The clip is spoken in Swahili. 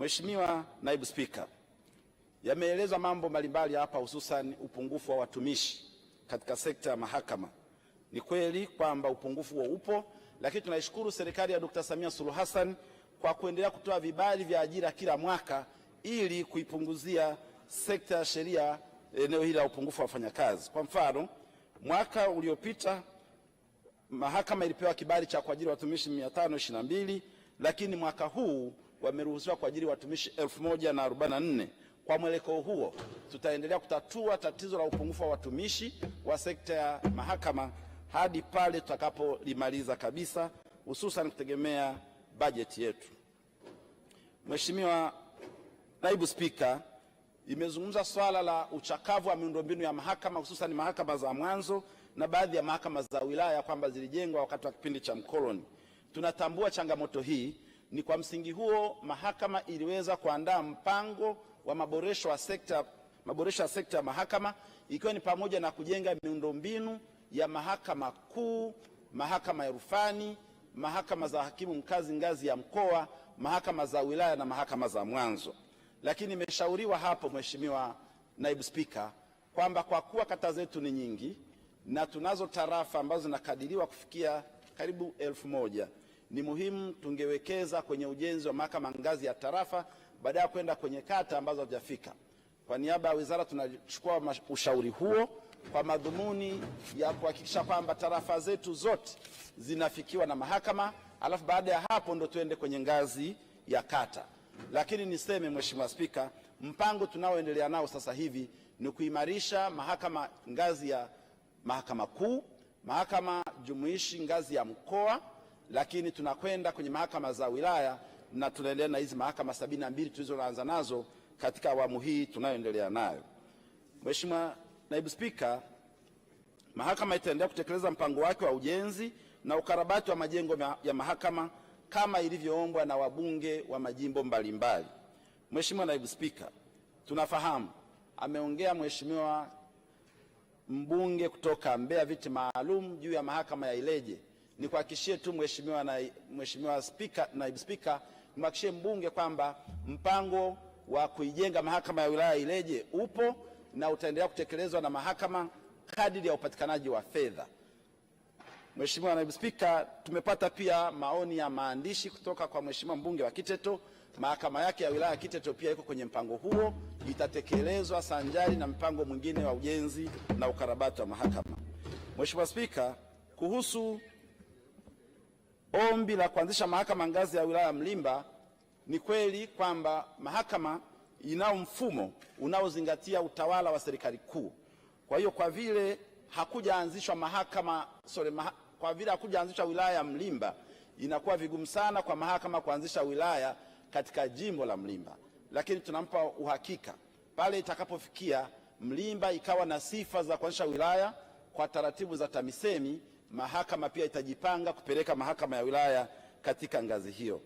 Mheshimiwa Naibu Spika, yameelezwa mambo mbalimbali hapa, hususan upungufu wa watumishi katika sekta ya mahakama. Ni kweli kwamba upungufu huo upo, lakini tunaishukuru serikali ya Dkt. Samia Suluhu Hassan kwa kuendelea kutoa vibali vya ajira kila mwaka ili kuipunguzia sekta ya sheria eneo hili la upungufu wa wafanyakazi. Kwa mfano, mwaka uliopita mahakama ilipewa kibali cha kuajiri watumishi 522 lakini mwaka huu wameruhusiwa kuajiri watumishi 1044. Kwa mwelekeo huo, tutaendelea kutatua tatizo la upungufu wa watumishi wa sekta ya mahakama hadi pale tutakapolimaliza kabisa, hususan kutegemea bajeti yetu. Mheshimiwa Naibu Spika, imezungumza swala la uchakavu wa miundombinu ya mahakama hususan mahakama za mwanzo na baadhi ya mahakama za wilaya kwamba zilijengwa wakati wa kipindi cha mkoloni. Tunatambua changamoto hii ni kwa msingi huo mahakama iliweza kuandaa mpango wa maboresho ya sekta, maboresho ya sekta ya mahakama ikiwa ni pamoja na kujenga miundombinu ya mahakama kuu, mahakama ya rufani, mahakama za hakimu mkazi ngazi ya mkoa, mahakama za wilaya na mahakama za mwanzo. Lakini nimeshauriwa hapo, Mheshimiwa Naibu Spika, kwamba kwa kuwa kata zetu ni nyingi na tunazo tarafa ambazo zinakadiriwa kufikia karibu elfu moja ni muhimu tungewekeza kwenye ujenzi wa mahakama ngazi ya tarafa baada ya kwenda kwenye kata ambazo hazijafika. Kwa niaba ya wizara tunachukua ushauri huo kwa madhumuni ya kuhakikisha kwamba tarafa zetu zote zinafikiwa na mahakama, alafu baada ya hapo ndo tuende kwenye ngazi ya kata. Lakini niseme Mheshimiwa Spika, mpango tunaoendelea nao sasa hivi ni kuimarisha mahakama ngazi ya mahakama kuu, mahakama jumuishi ngazi ya mkoa lakini tunakwenda kwenye mahakama za wilaya na tunaendelea na hizi mahakama sabini na mbili tulizoanza nazo katika awamu hii tunayoendelea nayo. Mheshimiwa Naibu Spika, mahakama itaendelea kutekeleza mpango wake wa ujenzi na ukarabati wa majengo ya mahakama kama ilivyoombwa na wabunge wa majimbo mbalimbali. Mheshimiwa Naibu Spika, tunafahamu ameongea Mheshimiwa mbunge kutoka Mbeya viti maalum juu ya mahakama ya Ileje Nikuhakikishie tu mheshimiwa na, mheshimiwa spika, naibu spika, nimhakikishie mbunge kwamba mpango wa kuijenga mahakama ya wilaya Ileje upo na utaendelea kutekelezwa na mahakama kadiri ya upatikanaji wa fedha. Mheshimiwa naibu spika, tumepata pia maoni ya maandishi kutoka kwa mheshimiwa mbunge wa Kiteto. Mahakama yake ya wilaya Kiteto pia iko kwenye mpango huo, itatekelezwa sanjari na mpango mwingine wa ujenzi na ukarabati wa mahakama. Mheshimiwa Spika, kuhusu ombi la kuanzisha mahakama ngazi ya wilaya Mlimba, ni kweli kwamba mahakama inao mfumo unaozingatia utawala wa serikali kuu. Kwa hiyo kwa vile hakujaanzishwa mahakama sorry, maha, kwa vile hakujaanzishwa wilaya ya Mlimba, inakuwa vigumu sana kwa mahakama kuanzisha wilaya katika jimbo la Mlimba, lakini tunampa uhakika pale itakapofikia Mlimba ikawa na sifa za kuanzisha wilaya kwa taratibu za TAMISEMI mahakama pia itajipanga kupeleka mahakama ya wilaya katika ngazi hiyo.